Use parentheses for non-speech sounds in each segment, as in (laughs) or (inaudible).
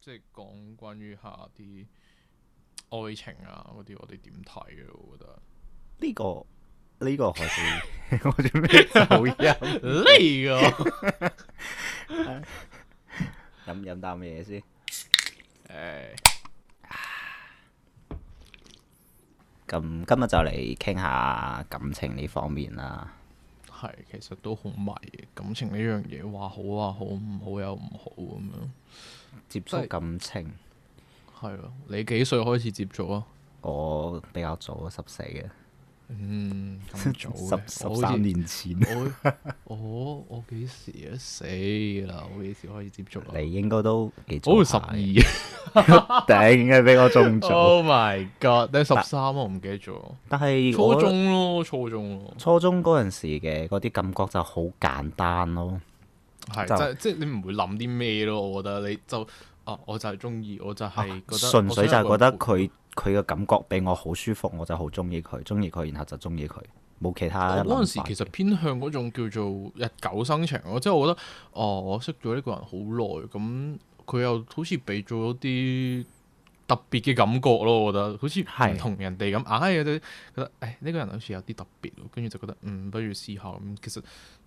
即係講關於下啲愛情啊嗰啲，我哋點睇嘅？我覺得呢個呢、這個開始，我準備做飲呢個飲飲啖嘢先？誒， (laughs) 咁、哎、今日就嚟傾下感情呢方面啦。係，其實都好迷嘅感情呢樣嘢，話好話、啊、好，唔好又、啊、唔好咁、啊、樣。接觸感情係咯，你幾歲開始接觸啊？我比較早啊，十四嘅。嗯，早 (laughs) 十十三年前，我我幾時死啦？我幾時，時可以接觸、啊、你應該都幾早十二頂嘅，俾我， (laughs) 我中咗。Oh my god！定十三我唔記得咗。但係初中咯，初中咯，初中嗰陣時嘅嗰啲感覺就好簡單咯。係是就即係即係你唔會諗啲咩咯？我覺得你就。我就係中意，我就係覺得、啊啊、純粹就係覺得佢佢嘅感覺俾我好舒服，我就好中意佢，中意佢，然後就中意佢，冇其他。嗰陣時其實偏向嗰種叫做日久生情咯，即係我覺得，哦、啊，我識咗呢個人好耐，咁佢又好似俾咗啲特別嘅感覺咯，我覺得好似同人哋咁，哎是，覺得哎呢個人好似有啲特別，跟住就覺得嗯不如試下，咁其實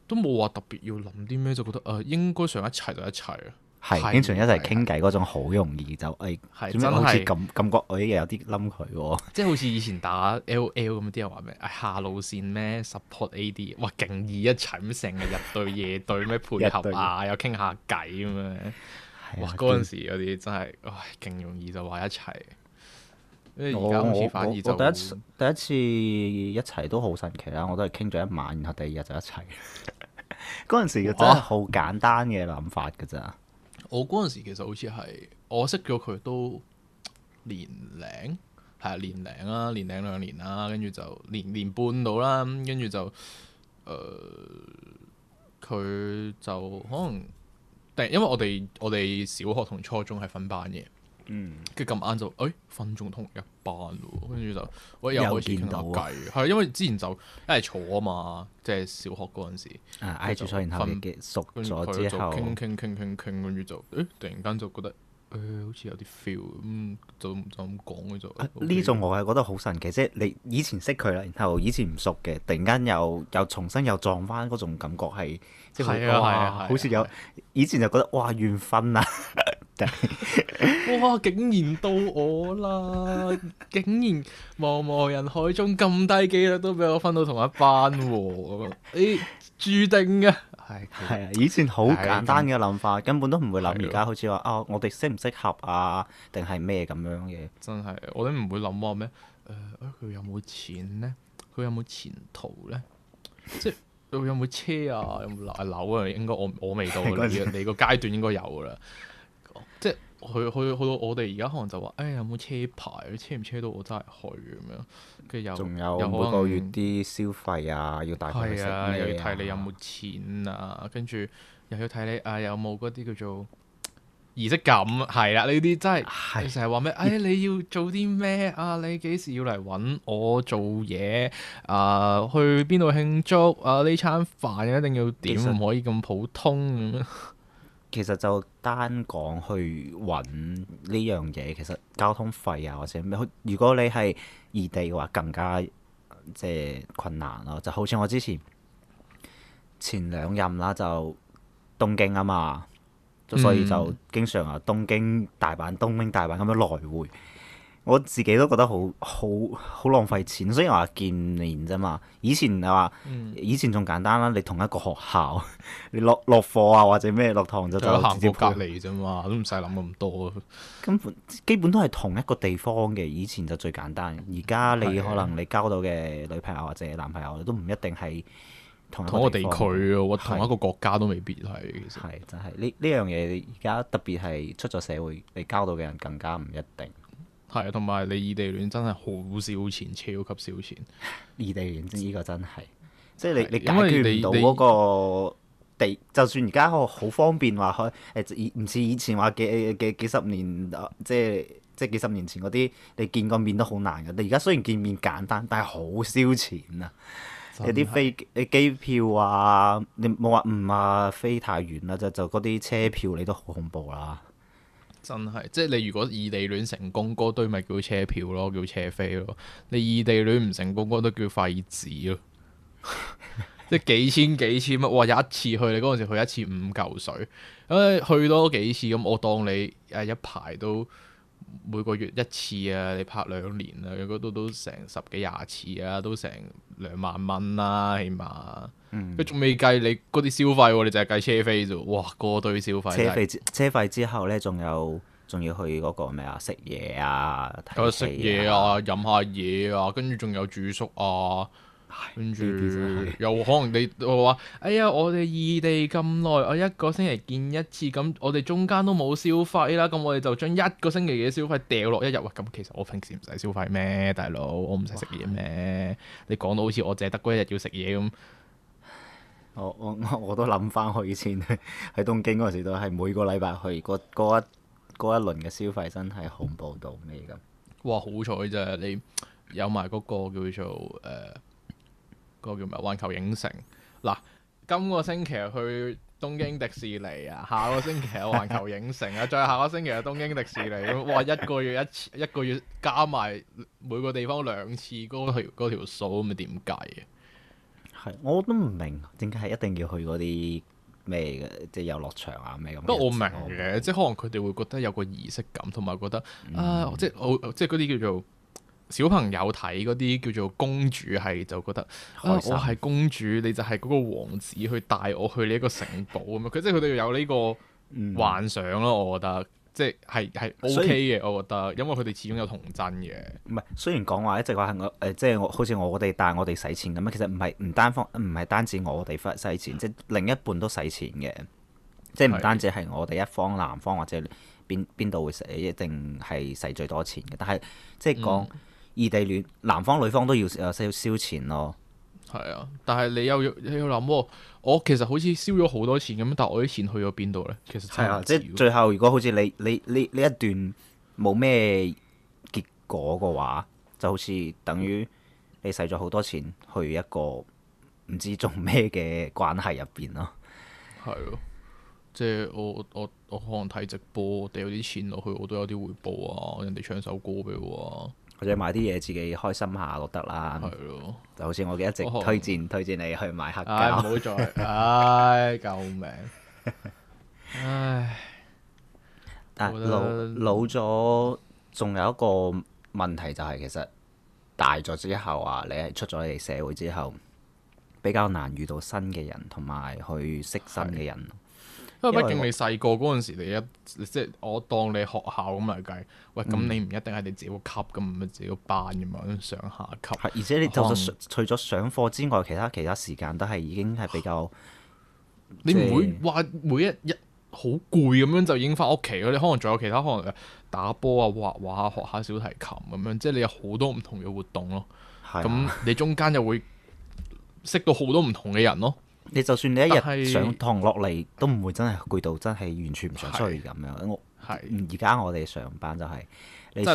都冇話特別要諗啲咩，就覺得誒、哎這個嗯呃、應該想一齊就一齊啊。係經常一齊傾偈嗰種，好容易就誒，做咩的、哎、好似感感覺我一日、哎、有啲冧佢？即係好似以前打 LOL 咁，啲人話咩？下路綫咩？Support A D，哇，勁易一齊咁，成日日對夜對咩配合啊？又傾下偈咁樣！哇，嗰陣的時嗰啲真係，唉，勁容易就話一齊。我我我第一次第一次一齊都好神奇啊！我都係傾咗一晚，然後第二日就一齊。嗰 (laughs) 陣時嘅真係好簡單嘅諗法噶咋～、啊我嗰陣時其實好似係我識咗佢都年零，係啊年零啦，年零兩年啦，跟住就年年半到啦，跟住就誒佢、呃、就可能，定，因為我哋我哋小學同初中係分班嘅。嗯，跟住咁晏就，哎、欸，分仲同一班，跟住就，我、欸、又開始傾下偈，係 (laughs) 因為之前就一係坐啊嘛，即係小學嗰陣時，嗌住坐，然後熟咗之後，傾傾傾傾傾，跟住就，哎、欸，突然間就覺得。誒、哎，好似有啲 feel 咁、嗯，就就咁講呢種我係覺得好神奇，即係你以前識佢啦，然後以前唔熟嘅，突然間又又重新又撞返嗰種感覺係，啊、即係、啊啊、好似有、啊啊、以前就覺得哇緣分啊， (laughs) (laughs) 哇竟然到我啦，竟然茫茫人海中咁低機率都俾我分到同一班喎，誒、哎、註定嘅。係，係啊！以前好簡單嘅諗法，的根本都唔會諗。而家的好似話啊，我哋適唔適合啊？定係咩咁樣嘅？真係我都唔會諗話咩？誒、呃，佢有冇錢咧？佢有冇前途咧？ (laughs) 即係佢有冇車啊？有冇樓啊？應該我我未到 (laughs) 你你個階段應該有噶啦。佢去去到我哋而家可能就話，誒、哎、有冇車牌？車唔車到我真係去咁樣。跟住又仲有又每個月啲消費啊，要帶佢食、啊啊，又要睇你有冇錢啊。跟住又要睇你啊，有冇嗰啲叫做儀式感？係啊，呢啲真係成日話咩？誒是你，哎、你要做啲咩？啊，你幾時要嚟搵我做嘢？啊，去邊度慶祝？啊，呢餐飯一定要點，唔可以咁普通咁樣。其實就單講去揾呢樣嘢，其實交通費啊或者咩，如果你係異地嘅話，更加、呃、即係困難咯。就好似我之前前兩任啦，就東京啊嘛，所以就經常啊東京大阪、嗯、東京大阪咁樣來回。我自己都覺得好好好浪費錢，雖然話見年啫嘛。以前話，嗯、以前仲簡單啦，你同一個學校， (laughs) 你落落課啊或者咩落堂就就直接隔離啫嘛，都唔使諗咁多。根本、嗯、基本都係同一個地方嘅，以前就最簡單。而家你可能你交到嘅女朋友或者男朋友都唔一定係同，同一個地區啊，或是同一個國家都未必係。係是實真係呢呢樣嘢，而家特別係出咗社會，你交到嘅人更加唔一定。係，同埋你異地戀真係好少錢，超級少錢。異地戀呢個真係，是即係你是你解決唔到嗰個地。就算而家好方便話，可、呃、誒，唔似以前話幾幾幾十年，呃、即係即係幾十年前嗰啲，你見個面都好難嘅。但而家雖然見面簡單，但係好燒錢啊！的有啲飛啲機票啊，你冇話唔啊，飛太遠啦，就就嗰啲車票你都好恐怖啦。真係，即係你如果異地戀成功，嗰堆咪叫車票咯，叫車飛咯。你異地戀唔成功，嗰都叫廢紙咯。 (laughs) 即係幾千幾千蚊，哇！有一次去，你嗰陣時去一次五嚿水，咁、哎、去多幾次，咁我當你誒一排都。每個月一次啊，你拍兩年啊，應該都，都成十幾廿次啊，都成兩萬蚊啦起碼。佢仲未計你嗰啲消費喎、啊，你淨係計車費啫。哇，過對消費。車費之是車費之後呢，仲有仲要去嗰個咩啊？食嘢啊，睇戲啊，飲下嘢啊，跟住仲有住宿啊。跟住又可能你我話，哎呀，我哋異地咁耐，我一個星期見一次，咁我哋中間都冇消費啦，咁我哋就將一個星期嘅消費掉落一日。喂、哎，咁其實我平時唔使消費咩，大佬，我唔使食嘢咩？哇你講到好似我淨係得嗰一日要食嘢咁。我我我都諗翻去以前喺東京嗰陣時，都係每個禮拜去，嗰一嗰一輪嘅消費真係恐怖到咩咁？你哇！好彩啫，你有埋嗰個叫做誒。呃嗰個叫咩？環球影城嗱，今個星期去東京迪士尼啊，下個星期去環球影城啊，再下個星期去東京迪士尼、啊、 (laughs) 哇！一個月一次，一個月加埋每個地方兩次嗰、嗰個、條嗰數咁，咪點計啊？係，我都唔明點解係一定要去嗰啲咩嘅，即、就、係、是、遊樂場啊咩咁。不過我明嘅，明即係可能佢哋會覺得有個儀式感，同埋覺得、嗯、啊，即係我即係嗰啲叫做。小朋友睇嗰啲叫做公主，係就覺得心、啊、我係公主，你就係嗰個王子去帶我去呢一個城堡咁樣。佢 (laughs) 即係佢哋要有呢個幻想咯，嗯、我覺得即係係 OK 嘅，以我覺得，因為佢哋始終有童真嘅。唔係，雖然講話一直話係我誒，即係、呃、我好似我哋帶我哋使錢咁樣，其實唔係唔單方唔係單止我哋使錢，即係另一半都使錢嘅，即係唔單止係我哋一方男方或者邊邊度會使一定係使最多錢嘅，但係即係講。嗯異地戀，男方女方都要誒燒燒錢咯。係啊，但係你又要又要諗喎，我其實好似燒咗好多錢咁，但係我啲錢去咗邊度呢？其實係啊，即係最後如果好似你你呢一段冇咩結果嘅話，就好似等於你使咗好多錢去一個唔知做咩嘅關係入邊咯。係咯啊，即係我我我可能睇直播，掉啲錢落去，我都有啲回報啊，人哋唱首歌俾我啊。或者買啲嘢自己開心下都得啦，的就好似我嘅一直推薦、哦、推薦你去買黑膠，唉、哎 (laughs) 哎，救命，唉、哎，但、啊、老老咗，仲有一個問題就係其實大咗之後啊，你係出咗嚟社會之後，比較難遇到新嘅人，同埋去識新嘅人。因為畢竟你細個嗰陣時，你一即係我當你學校咁嚟計，嗯、喂咁你唔一定係你自己個級咁，咪自己個班咁樣上下級。而且你就算除咗上課之外，能其他其他時間都係已經係比較。你唔會話每一日好攰咁樣就已經翻屋企。你可能仲有其他可能打波啊、畫畫、啊、學下小提琴咁樣，即係你有好多唔同嘅活動咯。咁是、啊、你中間又會識到好多唔同嘅人咯。你就算你一日上堂落嚟，是都唔會真係攰到真係完全唔想出去。咁樣是。我而家是我哋上班就係、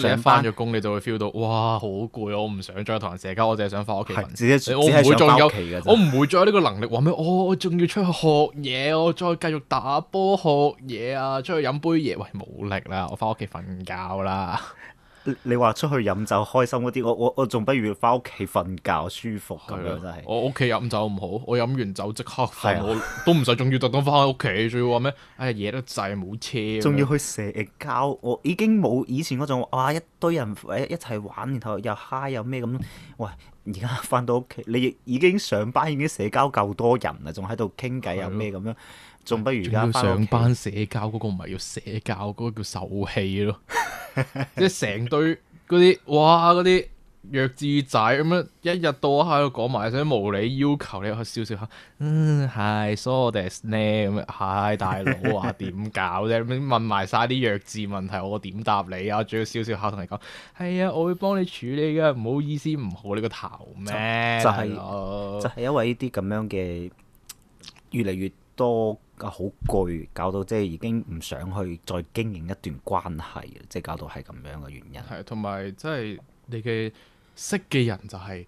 是、你翻咗工，你，你就會 feel 到哇好攰啊！我唔想再同人社交，我淨係想翻屋企。是我唔會，會再有我唔會再有呢個能力話咩、哦？我我仲要出去學嘢，我再繼續打波學嘢啊！出去飲杯嘢，喂冇力啦，我翻屋企瞓覺啦。 (laughs) 你你話出去飲酒開心嗰啲，我我我仲不如翻屋企瞓覺舒服咁樣、啊、真係。我屋企飲酒唔好，我飲完酒即刻瞓。啊，我都唔使仲要特登翻屋企，仲要話咩？哎呀，夜得滯冇車，仲要去社交，我已經冇以前嗰種哇一堆人一一齊玩，然後又嗨，又咩咁。喂，而家翻到屋企，你已經上班已經社交夠多人啦，仲喺度傾偈又咩咁樣？仲不如要上班社交嗰個唔係要社交嗰個叫受氣咯，即係成堆嗰啲哇嗰啲弱智仔咁樣，一日到黑喺度講埋啲無理要求你，你又笑笑下，嗯係、so，so 我哋係咁啊？係大佬啊點搞啫？問埋晒啲弱智問題，我點答你啊？仲要笑笑下同你講，係、哎、啊，我會幫你處理噶，唔好意思，唔好你個頭咩？就係就係因為呢啲咁樣嘅越嚟越。都好攰，搞到即係已經唔想去再經營一段關係，即係搞到係咁樣嘅原因。係，同埋即係你嘅識嘅人就係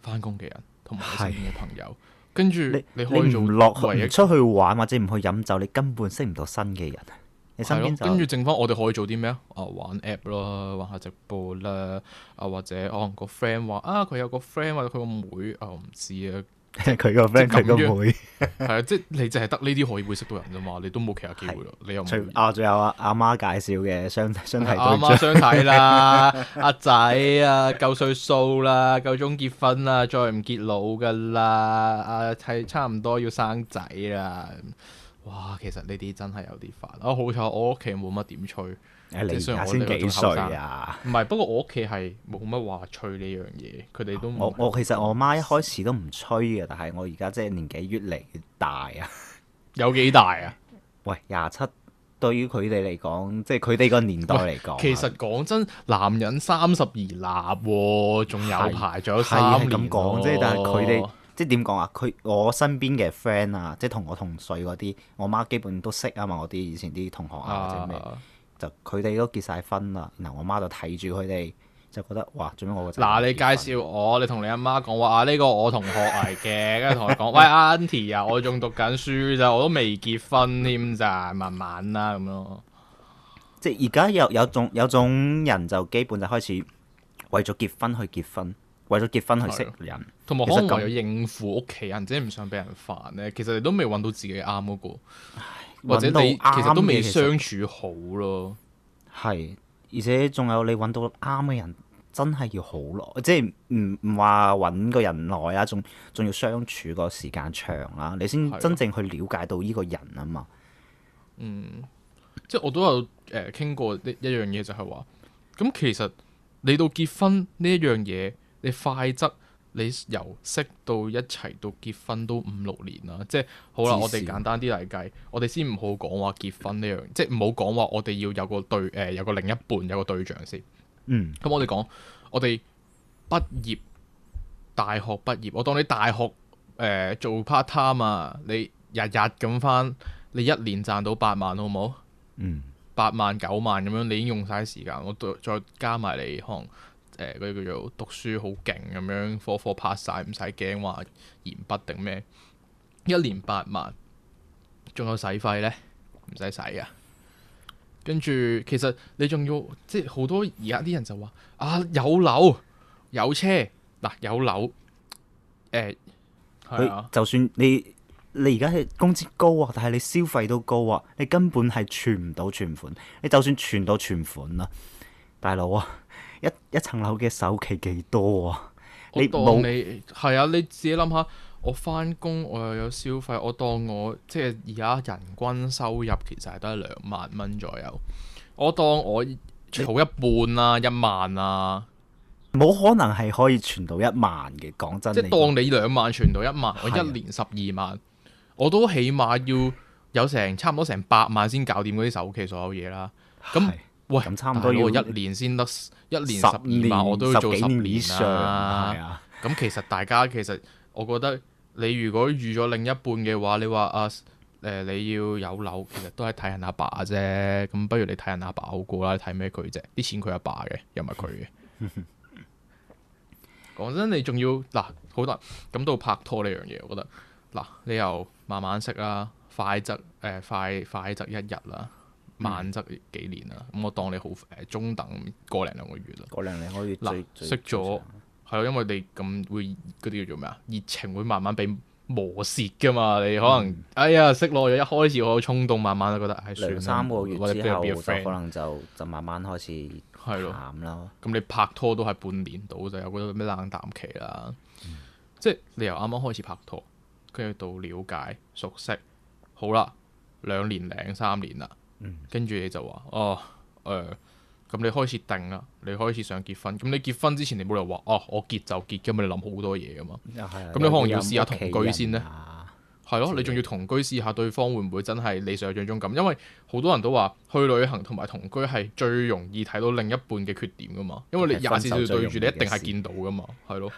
翻工嘅人，同埋身邊嘅朋友。的跟住你可以做，你唔落去出去玩或者唔去飲酒，你根本識唔到新嘅人。你身邊就跟住剩返，我哋可以做啲咩啊？啊，玩 app 咯，玩下直播啦，啊或者可能個 friend 話啊，佢有個 friend 或者佢個妹，妹啊，我唔知啊。佢個 friend，佢個妹係啊！即係你淨係得呢啲可以會識到人啫嘛，你都冇其他機會咯。是你又唔啊，仲有啊，阿媽介紹嘅相相睇，相媽相睇啦，阿仔啊夠歲數啦，夠鐘、 (laughs) 啊啊、結婚啦，再唔結老噶啦，啊係差唔多要生仔啦！哇，其實呢啲真係有啲煩啊！好彩我屋企冇乜點催。你先幾歲啊？唔係、啊，不過我屋企係冇乜話催呢樣嘢，佢哋都我我其實我媽一開始都唔催嘅，但係我而家即係年紀越嚟越大啊，有幾大啊？喂，廿七，對於佢哋嚟講，即係佢哋個年代嚟講、啊，其實講真，男人三十而立、哦，仲有排，咗是。有三年咁講，即係但係佢哋即係點講啊？佢我身邊嘅 friend 啊，即係同我同歲嗰啲，我媽基本都識啊嘛，我啲以前啲同學啊，或者咩？就佢哋都結晒婚啦，嗱我媽就睇住佢哋，就覺得哇，做咩我嗰陣。嗱，你介紹我，你同你阿媽講話啊，呢個我同學嚟嘅， (laughs) 跟住同佢講，喂 aunty 啊，我仲讀緊書咋，我都未結婚添咋，慢慢啦咁咯。樣，即係而家有有種有種人就基本就開始為咗結婚去結婚，為咗結婚去，結婚的去識人，同埋可能為咗應付屋企人，即唔樣想俾人煩咧。其實你都未揾到自己啱嗰個。或者你其實都未相處好咯，係，而且仲有你揾到啱嘅人，真係要好耐，即係唔唔話揾個人耐啊，仲仲要相處個時間長啊，你先真正去了解到呢個人吖嘛。嗯，即係我都有誒傾、呃、過一一樣嘢，就係話，咁其實你到結婚呢一樣嘢，你快則。你由識到一齊到結婚都五六年啦，即係好啦，啊、我哋簡單啲嚟計，我哋先唔好講話結婚呢樣，即係唔好講話我哋要有個對誒、呃、有個另一半有個對象先。嗯。咁我哋講，我哋畢業大學畢業，我當你大學誒、呃、做 part time 啊，你日日咁返，你一年賺到八萬好唔好？嗯。八萬九萬咁樣，你已經用晒時間，我再加埋你可能。誒，啲叫做讀書好勁咁樣科科拍晒，唔使驚話鉛筆定咩，一年八萬，仲有使費呢？唔使使啊。跟住，其實你仲要即係好多而家啲人就話啊，有樓有車嗱、啊，有樓誒，呃、就算你你而家係工資高啊，但係你消費都高啊，你根本係存唔到存款，你就算存到存款啦、啊，大佬啊！一一層樓嘅首期幾多啊？我當你係沒啊，你自己諗下，我翻工我又有消費，我當我即係而家人均收入其實係得兩萬蚊左右，我當我儲一半啊，你一萬啊，冇可能係可以存到一萬嘅。講真，即係當你兩萬存到一萬，啊、我一年十二萬，我都起碼要有成差唔多成百萬先搞掂嗰啲首期所有嘢啦。咁的那喂，咁差唔多要一年先得，一年十二年萬，我都要做年十年以上。咁、啊、其實大家其實，我覺得你如果預咗另一半嘅話，你話啊，誒、呃、你要有樓，其實都係睇人阿爸啫。咁不如你睇人阿爸，爸好過爸爸 (laughs) 啦，你睇咩佢啫？啲錢佢阿爸嘅，又唔係佢嘅。講真，你仲要嗱，好啦，咁到拍拖呢樣嘢，我覺得嗱，你又慢慢識啦，快則誒、呃、快快則一日啦。慢則幾年啦，咁我當你好誒中等個零兩個月啦，個零零可以。嗱，識咗係咯，因為你咁會嗰啲叫做咩啊？熱情會慢慢被磨蝕噶嘛。你可能哎呀，識耐咗一開始好衝動，慢慢就覺得哎，算啦。三個月之後，friend 就就慢慢開始淡啦。咁你拍拖都係半年到，就有嗰種咩冷淡期啦。即係你由啱啱開始拍拖，跟住到了解、熟悉，好啦，兩年零三年啦。跟住、嗯、你就話，哦，誒、呃，咁你開始定啦，你開始想結婚，咁你結婚之前你冇理由話，哦，我結就結噶嘛，你諗好多嘢噶嘛，咁你可能要試下同居、啊、先呢？係咯道，你仲要同居試下對方會唔會真係你想像中咁，因為好多人都話去旅行同埋同居係最容易睇到另一半嘅缺點噶嘛，因為你廿四小時對住你一定係見到噶嘛，係咯，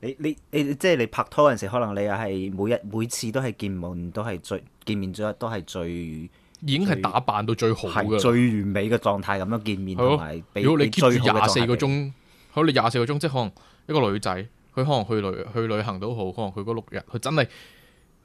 你你你即係你拍拖嗰陣時，可能你又係每日每次都係見,見面都係最見面咗都係最。已經係打扮到最好嘅，最完美嘅狀態咁樣見面同的比如果你 keep 住廿四個鐘，好，你廿四個鐘即係可能一個女仔，佢可能去旅去旅行都好，可能佢嗰六日，佢真係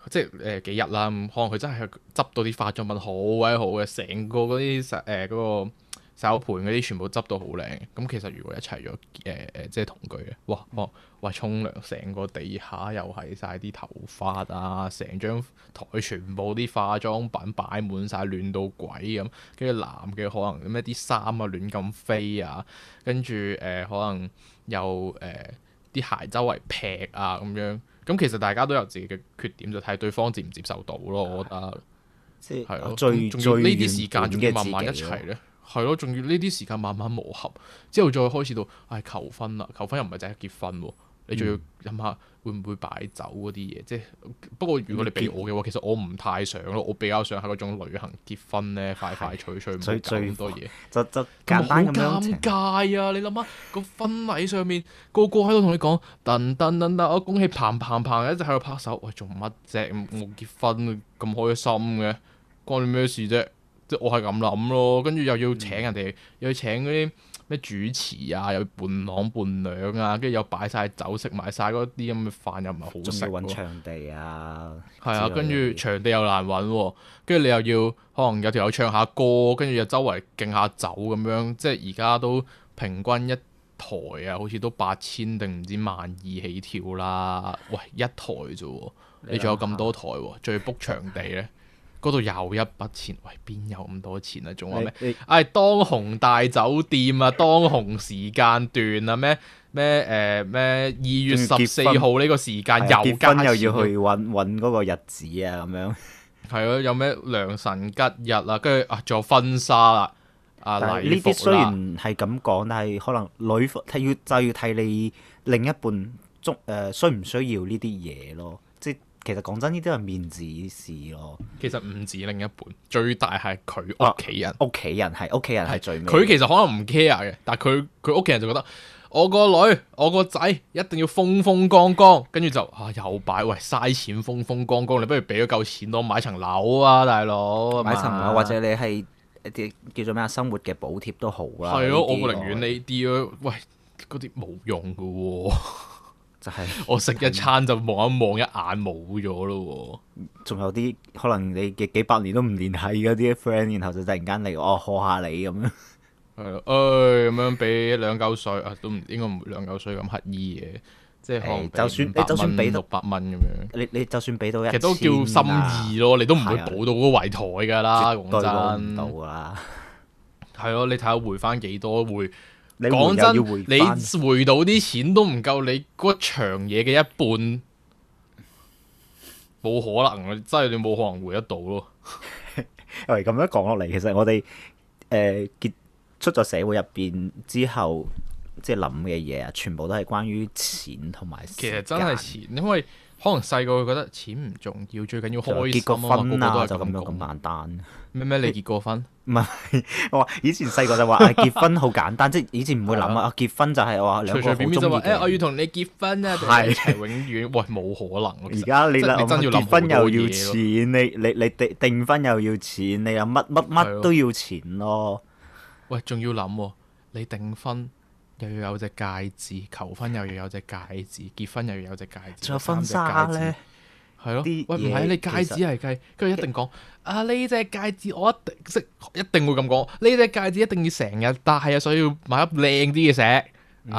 即係誒、呃、幾日啦、啊。可能佢真係執到啲化妝品好鬼、啊、好嘅，成個嗰啲實誒嗰個手盤嗰啲全部執到好靚，咁其實如果一齊咗誒誒，即係同居咧，哇哇哇，沖涼成個地下又係晒啲頭髮啊，成張台全部啲化妝品擺滿晒，亂到鬼咁。跟住男嘅可能咩啲衫啊亂咁飛啊，跟住誒可能又誒啲鞋周圍劈啊咁樣。咁其實大家都有自己嘅缺點，就睇對方接唔接受到咯。我覺得係咯，是的最呢啲、嗯、時間仲要慢慢一齊咧。係咯，仲要呢啲時間慢慢磨合，之後再開始到，哎，求婚啦！求婚又唔係淨係結婚，你仲要諗下會唔會擺酒嗰啲嘢，即係不過如果你俾我嘅話，其實我唔太想咯，我比較想係嗰種旅行結婚咧，快快脆脆，唔使咁多嘢，簡簡單咁樣。咁好尷尬啊！你諗下個婚禮上面個個喺度同你講，噔噔噔噔，恭喜彭彭彭，一直喺度拍手，喂，做乜啫？冇結婚咁開心嘅，關你咩事啫？即我係咁諗咯，跟住又要請人哋，嗯、又要請嗰啲咩主持啊，又伴郎伴娘啊，跟住又擺晒酒食埋晒嗰啲咁嘅飯又唔係好食。揾場地啊，跟住、係啊、場地又難揾、喎，跟住你又要可能有條友唱下歌，跟住又周圍敬下酒咁樣，即係而家都平均一台啊，好似都八千定唔知萬二起跳啦，喂，一台咋啫、喎，你仲有咁多台、喎，仲要 book 場地咧？嗰度又一筆錢，喂，邊有咁多錢啊？仲話咩？唉、哎，當紅大酒店啊， (laughs) 當紅時間段啊，咩咩誒咩？二、呃、月十四號呢個時間又加婚、啊、又要去揾揾嗰個日子啊，咁樣。係咯， (laughs) 有咩良辰吉日啦？跟住啊，仲、啊、有婚紗啦、啊、啊禮服啦。呢啲雖然係咁講，但係可能女方要就要睇你另一半，足、呃、誒需唔需要呢啲嘢咯？其實講真，呢啲係面子事咯。其實唔止另一半，最大係佢屋企人。屋企人啊，係屋企人係最尾。佢其實可能唔 care 嘅，但係佢佢屋企人就覺得我個女、我個仔一定要風風光光，跟住就啊又擺喂，嘥錢風風光光光，你不如俾咗嚿錢我買層樓啊，大佬。買層樓嗎或者你係一啲叫做咩啊，生活嘅補貼都好啦。係咯的，些我寧願呢啲喂，嗰啲冇用噶喎。 (laughs) 就係、是、我食一餐就望一望一眼冇咗咯，仲有啲可能你幾百年都唔聯繫嗰啲 friend，然後就突然間嚟我賀下你咁樣，係啊，咁、哎、樣俾兩嚿水啊，都唔應該唔兩嚿水咁乞衣嘅，即係就算、是、你就算俾六百蚊咁樣，你你就算俾到，其實都叫心意咯，啊、你都唔會補到嗰圍枱噶啦，講對絕對 真，到啦，係咯，你睇下回翻幾多會。講真，你回到啲錢都唔夠你嗰場嘢嘅一半，冇可能啊！真係你冇可能回得到咯。喂，咁樣講落嚟，其實我哋誒、呃、結出咗社會入邊之後，即係諗嘅嘢啊，全部都係關於錢同埋。其實真係錢，因為。可能細個會覺得錢唔重要，最緊要開心啊。結過婚啊，就咁樣咁簡單。咩咩？你結過婚？唔係，我以前細個就話，結婚好簡單，即係以前唔會諗啊。結婚就係話兩個隨便就話，誒，我要同你結婚啊，係一齊永遠。喂，冇可能。而家你真真要諗，結婚又要錢，你你你訂婚又要錢，你又乜乜乜都要錢咯。喂，仲要諗？你訂婚？又要有隻戒指，求婚又要有隻戒指，結婚又要有隻戒指，仲有婚紗咧，係咯呢？的喂，唔係，你戒指係計，跟住實一定講啊！呢、這、隻、個、戒指我一定即一定會咁講，呢、這、隻、個、戒指一定要成日戴，係啊，所以要買粒靚啲嘅石啊，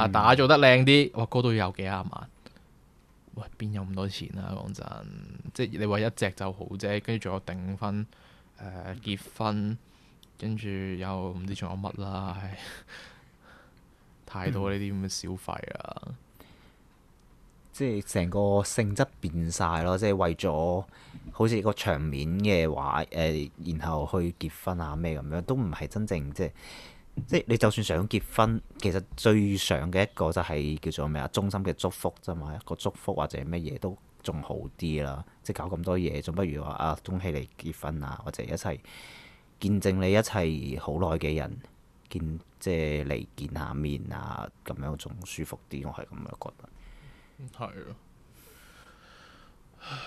嗯、打做得靚啲。哇，嗰度要有幾廿萬？喂，邊有咁多錢啊？講真，即係你話一隻就好啫，跟住仲有訂婚、誒、呃、結婚，跟住又唔知仲有乜啦。唉太多呢啲咁嘅消費啊，即係成個性質變晒咯，即係為咗好似個場面嘅話誒、呃，然後去結婚啊咩咁樣，都唔係真正即係即係你就算想結婚，其實最想嘅一個就係叫做咩啊，衷心嘅祝福啫嘛，一個祝福或者乜嘢都仲好啲啦，即係搞咁多嘢，仲不如話啊，恭喜你結婚啊，或者一齊見證你一齊好耐嘅人。見即係嚟見下面啊，咁樣仲舒服啲，我係咁樣覺得。係啊，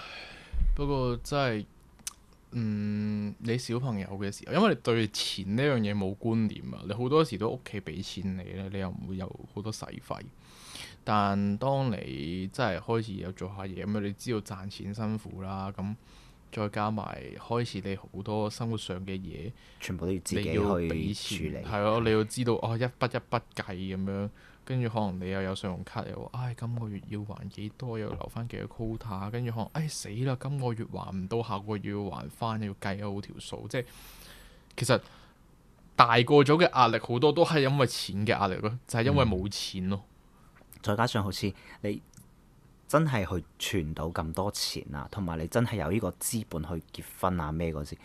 不過真係，嗯，你小朋友嘅時候，因為你對錢呢樣嘢冇觀念啊，你好多時都屋企俾錢你呢，你又唔會有好多使費。但當你真係開始有做下嘢咁，你知道賺錢辛苦啦，咁。再加埋開始，你好多生活上嘅嘢，全部都要自己去處理。係咯，你要知道哦，一筆一筆計咁樣，跟住可能你又有信用卡又話，唉、哎，今個月要還幾多，又留翻幾多 quota，跟住可能唉、哎、死啦，今個月還唔到，下個月要還翻，要計好條數。即係其實大個咗嘅壓力好多都係因為錢嘅壓力咯，就係、是、因為冇錢咯、嗯。再加上好似你。真係去存到咁多錢啊，同埋你真係有呢個資本去結婚啊咩嗰時，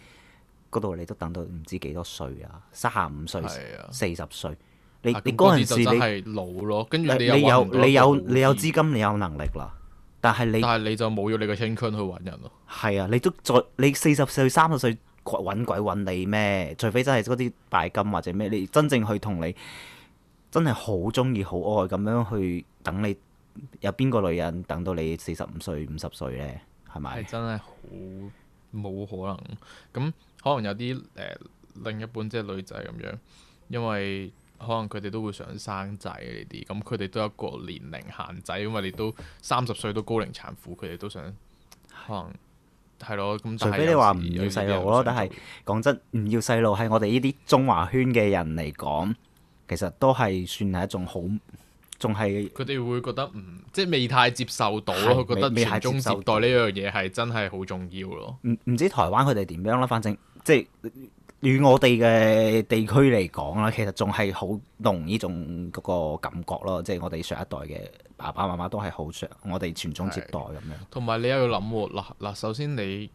嗰度你都等到唔知幾多歲啊，三十五歲、四十歲，啊、你你嗰陣時你係老咯，跟住你有你有你有，你有資金，你有能力啦，但係你但係你就冇咗你個青春去揾人咯。係啊，你都再你四十歲、三十歲揾鬼揾你咩？除非真係嗰啲拜金或者咩，你真正去同你真係好中意、好愛咁樣去等你。有邊個女人等到你四十五歲、五十歲呢？係咪？係真係好冇可能。咁可能有啲誒、呃，另一半即係女仔咁樣，因為可能佢哋都會想生仔呢啲。咁佢哋都有個年齡限制，因為你都三十歲都高齡產婦，佢哋都想可能係咯。咁的除非你話唔時要細路咯，但係講真，唔要細路係我哋呢啲中華圈嘅人嚟講，其實都係算係一種好。仲係佢哋會覺得唔、嗯、即係未太接受到咯，是佢覺得傳宗接代呢樣嘢係真係好重要咯。唔唔知台灣佢哋點樣啦，反正即係與我哋嘅地區嚟講啦，其實仲係好濃呢種嗰個感覺咯。即係我哋上一代嘅爸爸媽媽都係好想我哋傳宗接代咁樣。同埋你又要諗喎、哦，嗱嗱，首先你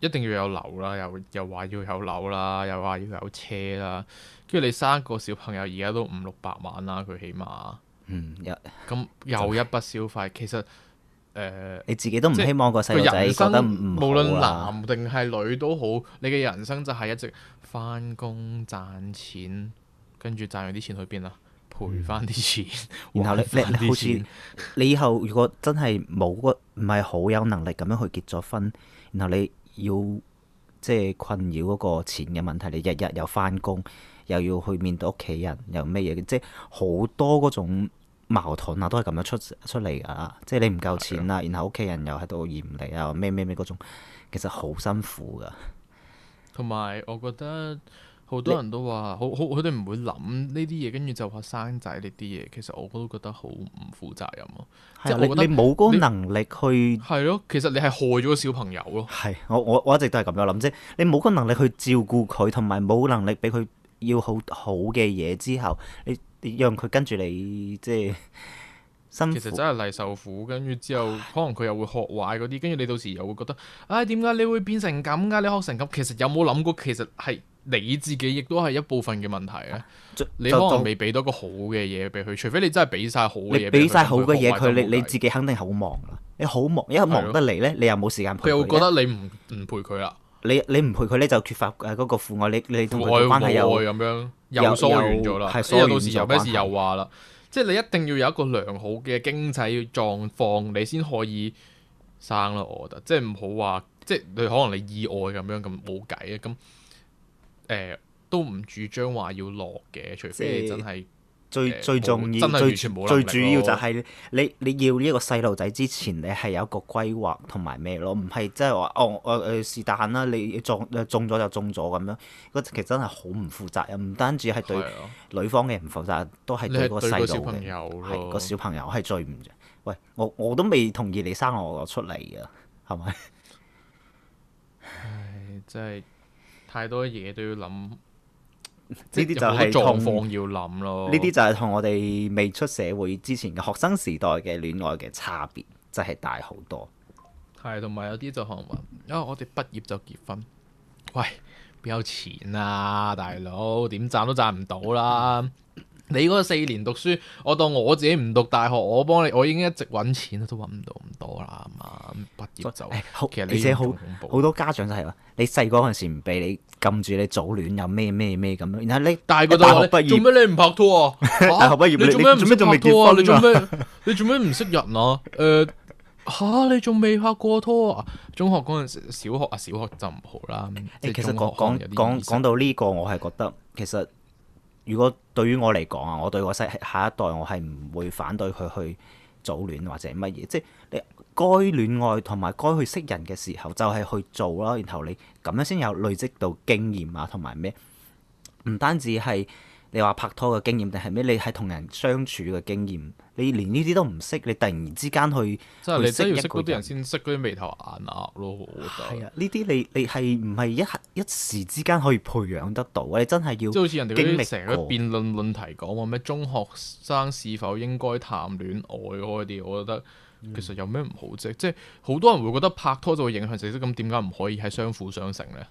一定要有樓啦，又又話要有樓啦，又話要有車啦，跟住你生一個小朋友而家都五六百萬啦，佢起碼。 (noise) 嗯，又、嗯、咁又一筆消費，其實誒、呃、 (noise) 你自己都唔希望個細路仔覺得無論男定係女都好，你嘅人生就係一直翻工賺錢，跟住賺完啲錢去邊啊？賠翻啲錢，還翻啲錢，然後你，你，你好似你以後如果真係冇個唔係好有能力咁樣去結咗婚，然後你要即係、就是、困擾嗰個錢嘅問題，你日日又翻工，又要去面對屋企人，又咩嘢，即係好多嗰種。矛盾啊，都係咁樣出出嚟噶，即係你唔夠錢啊，的然後屋企人又喺度嚴厲啊，咩咩咩嗰種，其實好辛苦噶。同埋，我覺得好多人都話，你好好佢哋唔會諗呢啲嘢，跟住就怕生仔呢啲嘢，其實我都覺得好唔負責任咯、啊。即的你冇嗰個能力去。係咯你，其實你係害咗個小朋友咯。係，我我我一直都係咁樣諗啫。即係你冇嗰能力去照顧佢，同埋冇能力俾佢要好好嘅嘢之後，你。你讓佢跟住你，即係辛苦，其實真係嚟受苦，跟住之後可能佢又會學壞嗰啲，跟住你到時又會覺得，唉、哎，點解你會變成咁㗎？你學成咁，其實有冇諗過？其實係你自己亦都係一部分嘅問題咧。就你可能未俾到一個好嘅嘢俾佢，除非你真係俾晒好嘅嘢俾晒好嘅嘢佢，你你自己肯定好忙啦。你好忙，因為忙得嚟咧，的你又冇時間陪佢。佢又覺得你唔唔陪佢啦。你你唔陪佢咧，就缺乏嗰個父愛。你你同佢關係又咁樣。又疏遠咗啦，所以到時有咩事又話啦，頭即係你一定要有一個良好嘅經濟狀況，你先可以生啦。我覺得即係唔好話，即係你可能你意外咁樣咁冇計啊，咁，誒、呃、都唔主張話要落嘅，除非你真係。最最重要最、最主要就係你你要呢個細路仔之前，你係有一個規劃同埋咩咯？唔係即係話哦哦是但啦，你中中咗就中咗咁樣，其實真係好唔負責，又唔單止係對女方嘅唔負責，哦、都係對個細路嘅，係個小朋友係最唔。喂，我我都未同意你生我，我出嚟啊，係咪？唉，真係太多嘢都要諗。呢啲就係狀況要諗咯。呢啲就係同我哋未出社會之前嘅學生時代嘅戀愛嘅差別，真係大好多。係，同埋有啲就可能話，哦，因為我哋畢業就結婚，喂，邊有錢啊，大佬，點賺都賺唔到啦。你嗰四年讀書，我當我自己唔讀大學，我幫你，我已經一直揾錢都揾唔到咁多啦嘛。畢業就，其實你好恐怖，好多家長就係、是、話：你細個嗰陣時唔俾你禁住你早戀，有咩咩咩咁樣。然後你大，大學畢業，做咩你唔拍拖啊？啊 (laughs) 大學畢業你做咩唔識拍拖啊？ (laughs) 你做咩？啊、你做咩唔識人啊？誒、呃、嚇、啊！你仲未拍過拖啊？中學嗰陣時，小學啊，小學就唔好啦。誒、就是，其實講講講講到呢個，我係覺得其實。如果對於我嚟講啊，我對我下一代，我係唔會反對佢去早戀或者乜嘢，即係你該戀愛同埋該去識人嘅時候，就係去做咯。然後你咁樣先有累積到經驗啊，同埋咩？唔單止係。你話拍拖嘅經驗定係咩？是你係同人相處嘅經驗，你連呢啲都唔識，你突然之間去，即係你要識啲人先識嗰啲眉頭眼額咯。係啊，呢啲你你係唔係一一時之間可以培養得到？你真係要即係好似人哋嗰啲成個辯論論題講話咩中學生是否應該談戀愛嗰啲，我覺得其實有咩唔好啫？嗯、即係好多人會覺得拍拖就會影響成績，咁點解唔可以係相輔相成咧？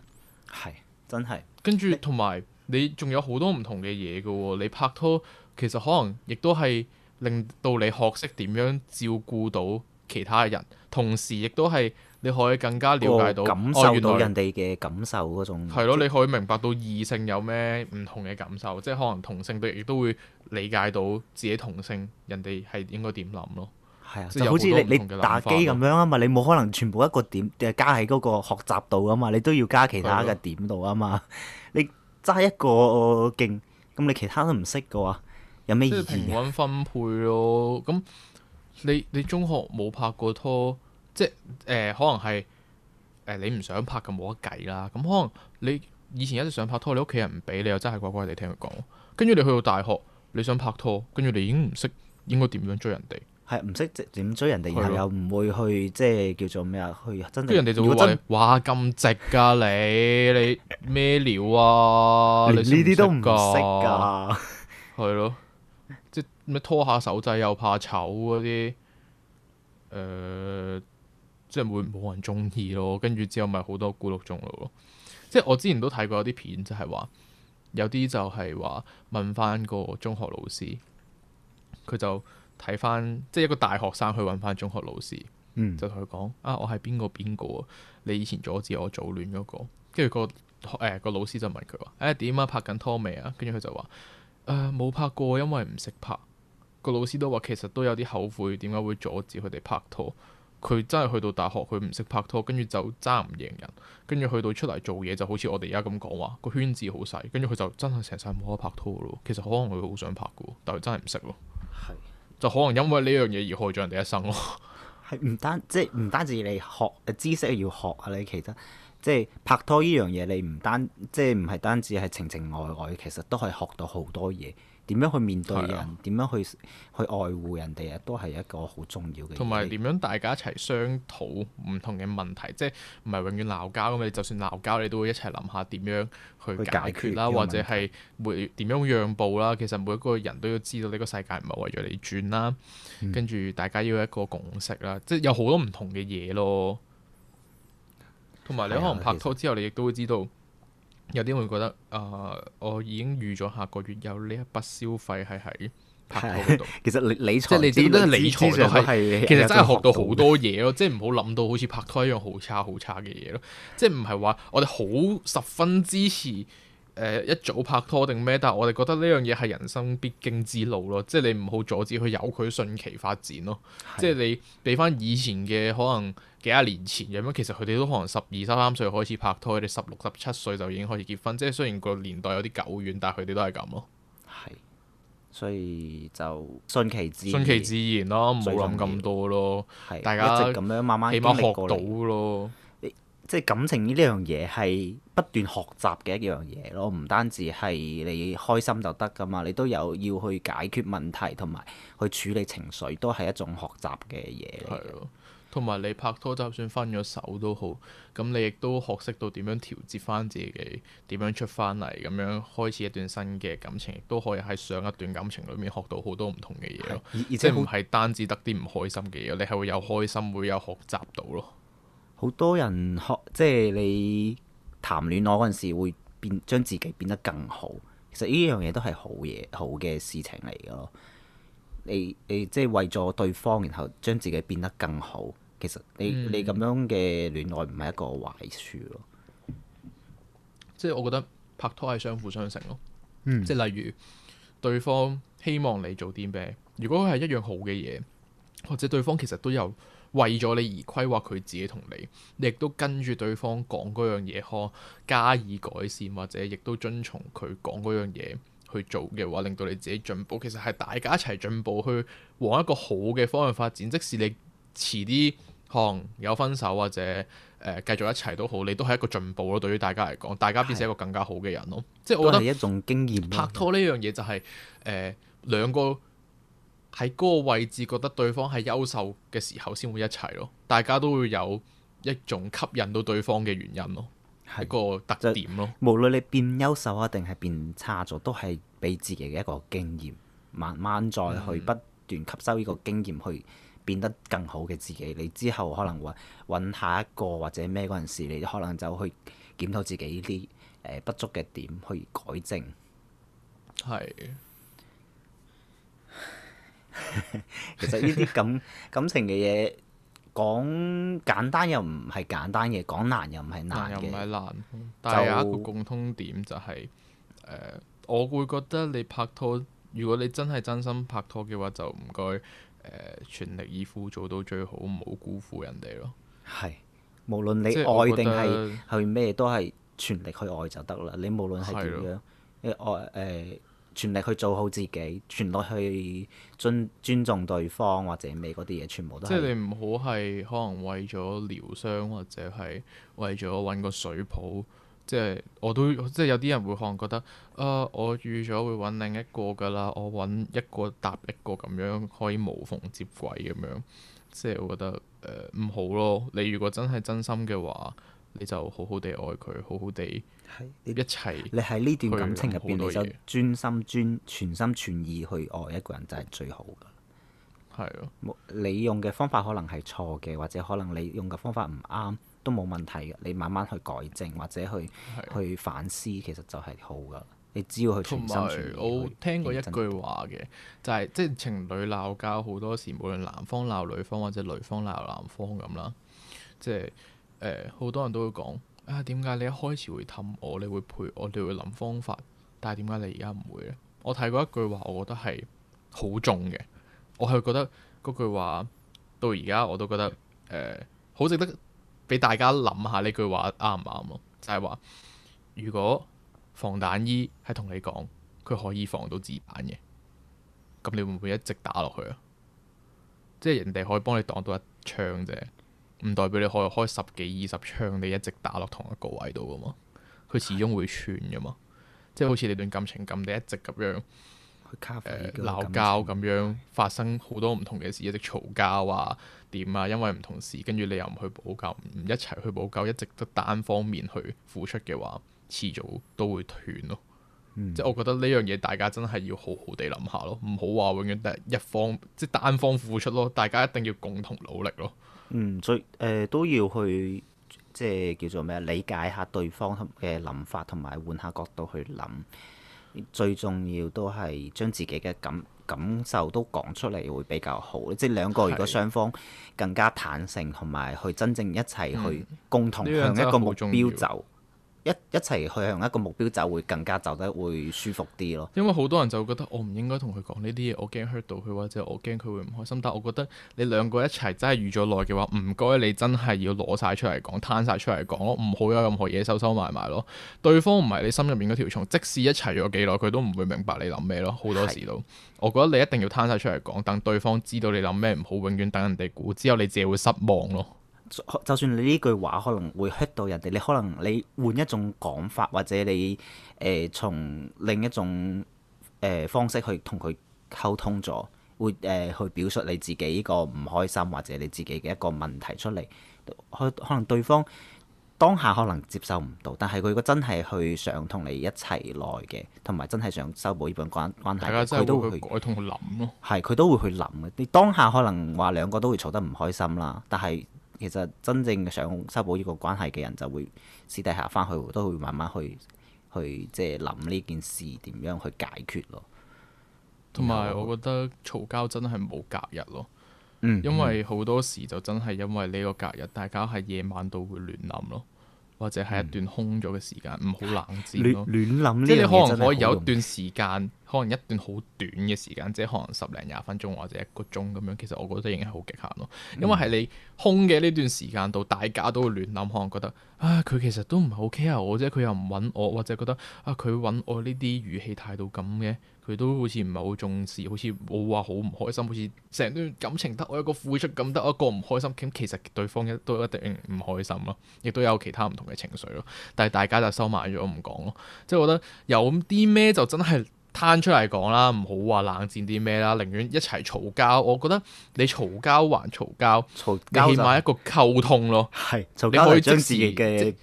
係。真係，跟住着你同埋你仲有好多唔同嘅嘢㗎喎，你拍拖其實可能亦都係令到你學識點樣照顧到其他人，同時亦都係你可以更加了解到、哦、感受到、哦、來人哋嘅感受嗰種。係咯，你可以明白到異性有咩唔同嘅感受，即係可能同性都亦都會理解到自己同性人哋係應該點諗咯。係啊，就好似你你打機咁樣啊嘛。啊你冇可能全部一個點定係加喺嗰個學習度啊嘛。你都要加其他嘅點度啊嘛。是的 (laughs) 你揸一個勁咁，哦、你其他都唔識嘅話，有咩意義啊？即係平均分配咯。咁你你中學冇拍過拖，即係誒、呃，可能係誒、呃、你唔想拍嘅冇得計啦。咁可能你以前一直想拍拖，你屋企人唔俾，你又真係乖乖地聽佢講。跟住你去到大學，你想拍拖，跟住你已經唔識應該點樣追人哋。係唔識即點追人哋，然後又唔會去即係叫做咩啊？去真正，跟住人哋就會話：哇咁直噶你，你咩料啊？連呢啲都唔識噶，係咯？即係咩拖下手仔又怕醜嗰啲，誒，即係會冇人中意咯。跟住之後咪好多孤獨終老咯。即係我之前都睇過有啲片就，就係話有啲就係話問翻個中學老師，佢就。睇翻即係一個大學生去揾翻中學老師，嗯、就同佢講：啊，我係邊個邊個你以前阻止我早戀嗰、那個，跟住、那個誒、哎那個老師就問佢話：誒、哎、點啊？拍緊拖未啊？跟住佢就話：誒、呃、冇拍過，因為唔識拍。個老師都話其實都有啲後悔，點解會阻止佢哋拍拖？佢真係去到大學，佢唔識拍拖，跟住就爭唔贏人。跟住去到出嚟做嘢，就好似我哋而家咁講話個圈子好細，跟住佢就真係成世冇得拍拖咯。其實可能佢好想拍嘅，但係真係唔識咯。係。就可能因為呢樣嘢而害咗人哋一生咯啊。係唔單即係唔單止你學知識要學啊，你其實即係拍拖呢樣嘢，你唔單即係唔係單止係情情愛愛，其實都可以學到好多嘢。點樣去面對人？點的樣去去愛護人哋啊？都係一個好重要嘅。同埋點樣大家一齊商討唔同嘅問題？即係唔係永遠鬧交咁，你就算鬧交，你都會一齊諗下點樣去解決啦，決或者係每點樣讓步啦。其實每一個人都要知道呢個世界唔係為咗你轉啦。嗯，跟住大家要一個共識啦，即係有好多唔同嘅嘢咯。同埋你可能拍拖之後，你亦都會知道。有啲會覺得啊、呃，我已經預咗下個月有呢一筆消費係喺拍拖度。 (laughs) 其實理財，即係你點都理財都係，其實真係學到好多嘢咯。 (music) 即係唔好諗到好似拍拖一樣好差好差嘅嘢咯。即係唔係話我哋好十分支持。誒、呃、一早拍拖定咩？但係我哋覺得呢樣嘢係人生必經之路咯，即係你唔好阻止佢，由佢順其發展咯。的即係你比翻以前嘅可能幾廿年前咁樣，其實佢哋都可能十二、十三歲開始拍拖，佢哋十六、十七歲就已經開始結婚。即係雖然個年代有啲久遠，但係佢哋都係咁咯。係，所以就順其自然，順其自然咯，唔好諗咁多咯。其大家咁樣慢慢，起碼學到咯。即係感情呢一樣嘢係不斷學習嘅一樣嘢咯，唔單止係你開心就得㗎嘛，你都有要去解決問題同埋去處理情緒，都係一種學習嘅嘢。係咯，同埋你拍拖，就算分咗手都好，咁你亦都學識到點樣調節翻自己，點樣出翻嚟，咁樣開始一段新嘅感情，亦都可以喺上一段感情裏面學到好多唔同嘅嘢咯，而且即唔係單止得啲唔開心嘅嘢，你係會有開心，會有學習到咯。好多人學即係你談戀愛嗰陣時，會變將自己變得更好。其實呢樣嘢都係好嘢，好嘅事情嚟嘅咯。你你即係為咗對方，然後將自己變得更好。其實你、嗯、你咁樣嘅戀愛唔係一個壞處咯。即係我覺得拍拖係相輔相成咯。嗯、即係例如對方希望你做啲咩，如果係一樣好嘅嘢，或者對方其實都有，為咗你而規劃佢自己同你，你亦都跟住對方講嗰樣嘢，可加以改善，或者亦都遵從佢講嗰樣嘢去做嘅話，令到你自己進步。其實係大家一齊進步去往一個好嘅方向發展。即使你遲啲可能有分手或者誒繼續一齊都好，你都係一個進步咯。對於大家嚟講，大家變成一個更加好嘅人咯。是即係我覺得一種經驗。拍拖呢樣嘢就係誒兩個。喺嗰個位置覺得對方係優秀嘅時候，先會一齊咯。大家都會有一種吸引到對方嘅原因咯，是一個特點咯。無論你變優秀啊，定係變差咗，都係俾自己嘅一個經驗，慢慢再去不斷吸收呢個經驗去變得更好嘅自己。嗯，你之後可能揾揾下一個或者咩嗰陣時，你可能就去檢討自己啲誒不足嘅點去改正。係。 (laughs) 其實呢啲咁感情嘅嘢，講簡單又唔係簡單嘅，講難又唔係難嘅。但係有一個共通點就係、是，誒、呃，我會覺得你拍拖，如果你真係真心拍拖嘅話，就唔該，誒、呃，全力以赴做到最好，唔好辜負人哋咯。係，無論你愛定係去咩，都係全力去愛就得啦。你無論係點樣，你愛誒。全力去做好自己，全力去尊尊重對方或者咩嗰啲嘢，全部都即係你唔好係可能為咗療傷或者係為咗揾個水泡，即係我都即係有啲人會可能覺得啊、呃，我預咗會揾另一個噶啦，我揾一個搭一個咁樣可以無縫接軌咁樣，即係我覺得誒唔、呃、好咯。你如果真係真心嘅話，你就好好地愛佢，好好地。你一齊。你喺呢一起 段感情入邊，你就專心專全心全意去愛一個人，就係最好噶。係啊的，你用嘅方法可能係錯嘅，或者可能你用嘅方法唔啱都冇問題嘅。你慢慢去改正或者去的去反思，其實就係好噶。你只要去全心全意。同埋我聽過一句話嘅，就係即係情侶鬧交好多時，無論男方鬧女方或者女方鬧男方咁啦，即係誒好多人都會講。啊，點解你一開始會氹我，你會陪我，你會諗方法？但係點解你而家唔會呢？我睇過一句話，我覺得係好重嘅。我係覺得嗰句話到而家我都覺得誒好、呃、值得俾大家諗下呢句話啱唔啱咯？就係、是、話，如果防彈衣係同你講佢可以防到紙板嘅，咁你會唔會一直打落去啊？即、就、係、是、人哋可以幫你擋到一槍啫。唔代表你可以開十幾二十槍，你一直打落同一個位度㗎嘛，佢始終會斷㗎嘛。的即係好似你段感情咁，你一直咁樣誒鬧交咁樣，發生好多唔同嘅事，一直嘈交啊，點啊？因為唔同事，跟住你又唔去補救，唔一齊去補救，一直都單方面去付出嘅話，遲早都會斷咯。嗯、即係我覺得呢樣嘢，大家真係要好好地諗下咯，唔好話永遠得一方，即係單方付出咯。大家一定要共同努力咯。嗯，最誒、呃、都要去即係叫做咩啊？理解下對方嘅諗法，同埋換下角度去諗。最重要都係將自己嘅感感受都講出嚟會比較好。即係兩個的如果雙方更加坦誠同埋去真正一齊去共同向一個目標走。嗯一一齊去向一個目標就會更加走得會舒服啲咯。因為好多人就會覺得我唔應該同佢講呢啲嘢，我驚 hurt 到佢，或者我驚佢會唔開心。但我覺得你兩個一齊真係預咗耐嘅話，唔該你真係要攞晒出嚟講，攤晒出嚟講咯，唔好有任何嘢收收埋埋咯。對方唔係你心入面嗰條蟲，即使一齊咗幾耐，佢都唔會明白你諗咩咯。好多時都，是我覺得你一定要攤晒出嚟講，等對方知道你諗咩，唔好永遠等人哋估，之後你自己會失望咯。就算你呢句話可能會 hit 到人哋，你可能你換一種講法，或者你誒從、呃、另一種誒、呃、方式去同佢溝通咗，會誒、呃、去表述你自己個唔開心或者你自己嘅一個問題出嚟，可可能對方當下可能接受唔到，但係佢如果真係去想同你一齊來嘅，同埋真係想修補呢份關關係，佢都會去改同去諗咯。係，佢都會去諗嘅。你、啊、當下可能話兩個都會嘈得唔開心啦，但係。其實真正想修補呢個關係嘅人，就會私底下翻去，都會慢慢去去即係諗呢件事點樣去解決咯。同埋，我覺得嘈交真係冇隔日咯。嗯，因為好多時就真係因為呢個隔日，大家係夜晚都會亂諗咯，或者係一段空咗嘅時間唔好冷戰，亂亂諗。即係可能可以有一段時間。可能一段好短嘅時間，即係可能十零廿分鐘或者一個鐘咁樣，其實我覺得已經係好極限咯。因為係你空嘅呢段時間度，大家都會亂諗，可能覺得啊，佢其實都唔係好 care 我，即佢又唔揾我，或者覺得啊，佢揾我呢啲語氣態度咁嘅，佢都好似唔係好重視，好似冇話好唔開心，好似成段感情得我一個付出，咁得我一個唔開心。咁其實對方一都一定唔開心咯，亦都有其他唔同嘅情緒咯。但係大家就收埋咗唔講咯，即係我覺得有啲咩就真係。攤出嚟講啦，唔好話冷戰啲咩啦，寧願一齊嘈交。我覺得你嘈交還嘈交，嘈交、就是、起碼一個溝通咯。係，你可以將自己嘅即係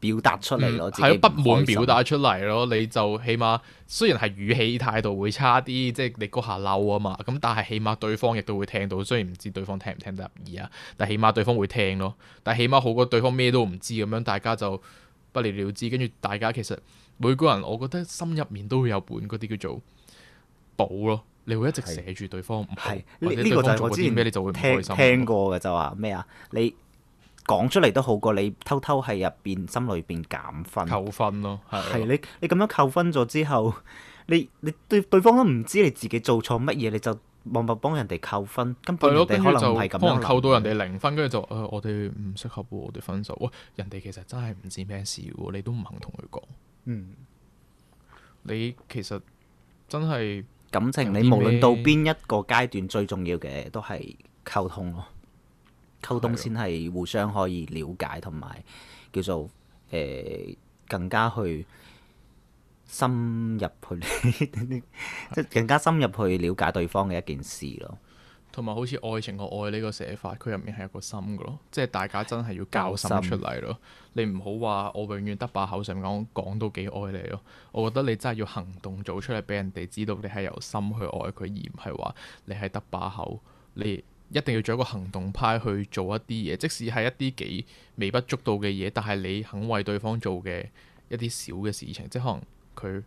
表達出嚟咯，係有、嗯、不，不滿表達出嚟咯。你就起碼雖然係語氣態度會差啲，即、就、係、是、你嗰下嬲啊嘛。咁但係起碼對方亦都會聽到，雖然唔知對方聽唔聽得入耳啊，但起碼對方會聽咯。但起碼好過對方咩都唔知咁樣，大家就不了了之，跟住大家其實。每個人我覺得心入面都會有本嗰啲叫做簿咯，你會一直寫住對方唔好，或的者對方做過啲咩，你就會唔開心聽。聽過嘅就話咩啊？你講出嚟，都好過你偷偷喺入邊心裏邊減分扣分咯。係你你咁樣扣分咗之後，你你對對方都唔知你自己做錯乜嘢，你就默默幫人哋扣分，根本對的可能係咁樣。扣到人哋零分，跟住、嗯、就誒、呃，我哋唔適合，我哋分手。人哋其實真係唔知咩事，你都唔肯同佢講。嗯，你其實真係感情，你無論到邊一個階段，最重要嘅都係溝通咯，溝通先係互相可以了解同埋叫做誒、呃、更加去深入去 (laughs) 即係更加深入去了解對方嘅一件事咯。同埋好似愛情個愛呢個寫法，佢入面係有個心噶咯，即係大家真係要交心出嚟咯。深你唔好話我永遠得把口上講講到幾愛你咯。我覺得你真係要行動做出嚟俾人哋知道你係由心去愛佢，而唔係話你係得把口。你一定要做一個行動派去做一啲嘢，即使係一啲幾微不足道嘅嘢，但係你肯為對方做嘅一啲小嘅事情，即係可能佢誒。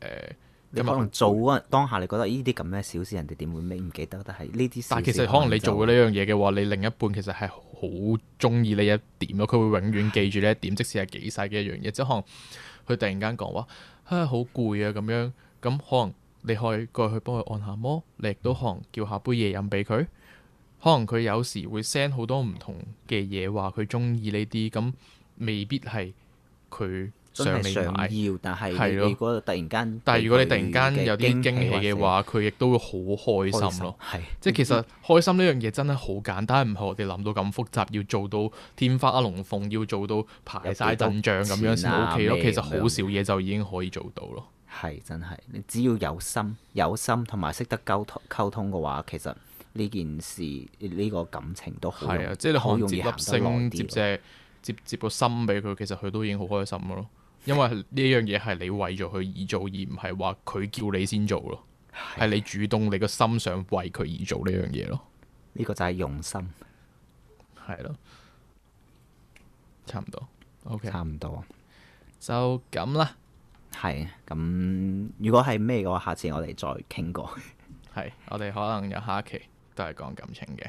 呃可能做嗰個當下，你覺得呢啲咁嘅小事，人哋點會咩唔記得？但係呢啲事，但係其實可能你做過呢樣嘢嘅話，你另一半其實係好中意呢一點咯。佢會永遠記住呢一點， (laughs) 即使係幾細嘅一樣嘢。即可能佢突然間講話唉，好攰啊咁樣、啊、樣。咁可能你可以過去去幫佢按下摩，你亦都可能叫下杯嘢飲俾佢。可能佢有時會 send 好多唔同嘅嘢，話佢中意呢啲，咁未必係佢。想要，但係如果突然間，但係如果你突然間有啲驚喜嘅話，佢亦是都會好開心咯。係，即係其實開心呢樣嘢真係好簡單，唔係我哋諗到咁複雜，要做到天花龍鳳，要做到排曬陣仗咁樣先 OK、啊、咯。其實好少嘢就已經可以做到咯。係真係，你只要有心、有心同埋識得溝通溝通嘅話，其實呢件事呢、呢個感情都係啊，即係你好容易接星接隻接接個心俾佢，其實佢都已經好開心噶咯。因為呢樣嘢係你為咗佢而做，而唔係話佢叫你先做咯，係的你主動，你個心想為佢而做呢樣嘢咯。呢個就係用心，係咯，差唔多。OK，差唔多，就咁啦。係，咁如果係咩嘅話，下次我哋再傾過。係， (laughs) 我哋可能有下一期都係講感情嘅。